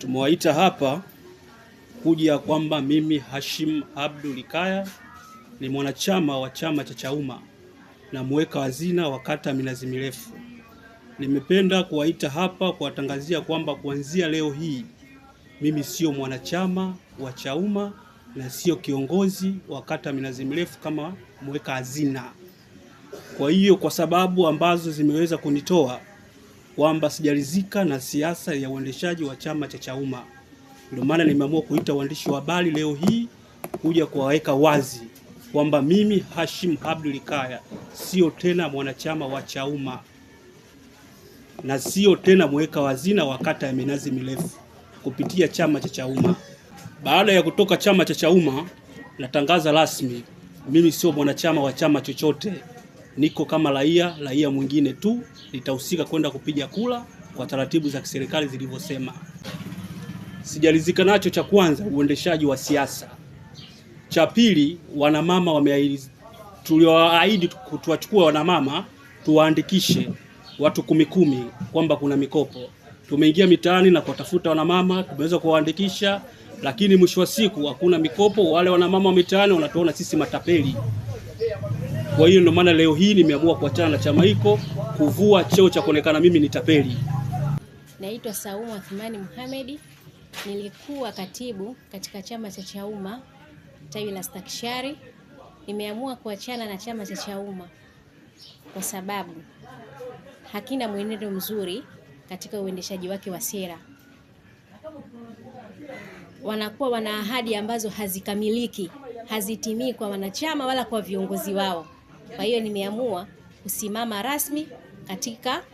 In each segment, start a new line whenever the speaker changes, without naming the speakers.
tumewaita hapa kuja kwamba mimi Hashim Abdul Kaya ni mwanachama wa chama cha Chauma na mweka hazina wa kata Minazi Mirefu. Nimependa kuwaita hapa kuwatangazia kwamba kuanzia leo hii mimi sio mwanachama wa Chauma na sio kiongozi wa kata Minazi Mirefu kama mweka hazina. Kwa hiyo kwa sababu ambazo zimeweza kunitoa kwamba sijalizika na siasa ya uendeshaji wa chama cha Chauma. Ndio maana nimeamua kuita waandishi wa habari leo hii kuja kuwaweka wazi kwamba mimi Hashim Abdul Kaya sio tena mwanachama wa Chauma na sio tena mweka wazina wa kata ya Minazi Mirefu kupitia chama cha Chauma. Baada ya kutoka chama cha Chauma, natangaza rasmi mimi sio mwanachama wa chama chochote niko kama raia raia mwingine tu, nitahusika kwenda kupiga kula kwa taratibu za kiserikali zilivyosema. Sijalizika nacho, cha kwanza uendeshaji wa siasa, cha pili wanamama wameahidi, tulioahidi tuwachukue wanamama tuwaandikishe watu kumi kumi, kwamba kuna mikopo. Tumeingia mitaani na kuwatafuta wanamama, tumeweza kuwaandikisha, lakini mwisho wa siku hakuna mikopo. Wale wanamama wa mitaani wanatuona sisi matapeli. Kwa hiyo ndio maana leo hii nimeamua kuachana na chama hiko, kuvua cheo cha kuonekana mimi ni tapeli.
Naitwa Saumu Athmani Muhamedi, nilikuwa katibu katika chama cha Chauma tawi la Stakishari. Nimeamua kuachana na chama cha Chauma kwa sababu hakina mwenendo mzuri katika uendeshaji wake wa sera. Wanakuwa wana ahadi ambazo hazikamiliki, hazitimii kwa wanachama wala kwa viongozi wao. Kwa hiyo nimeamua kusimama rasmi katika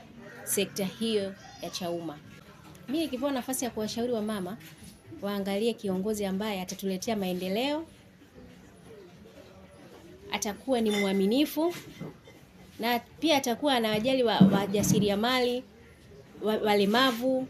sekta hiyo ya Chauma. Mimi nikipewa nafasi ya kuwashauri wa mama waangalie kiongozi ambaye atatuletea maendeleo, atakuwa ni mwaminifu na pia atakuwa anawajali wajasiriamali, walemavu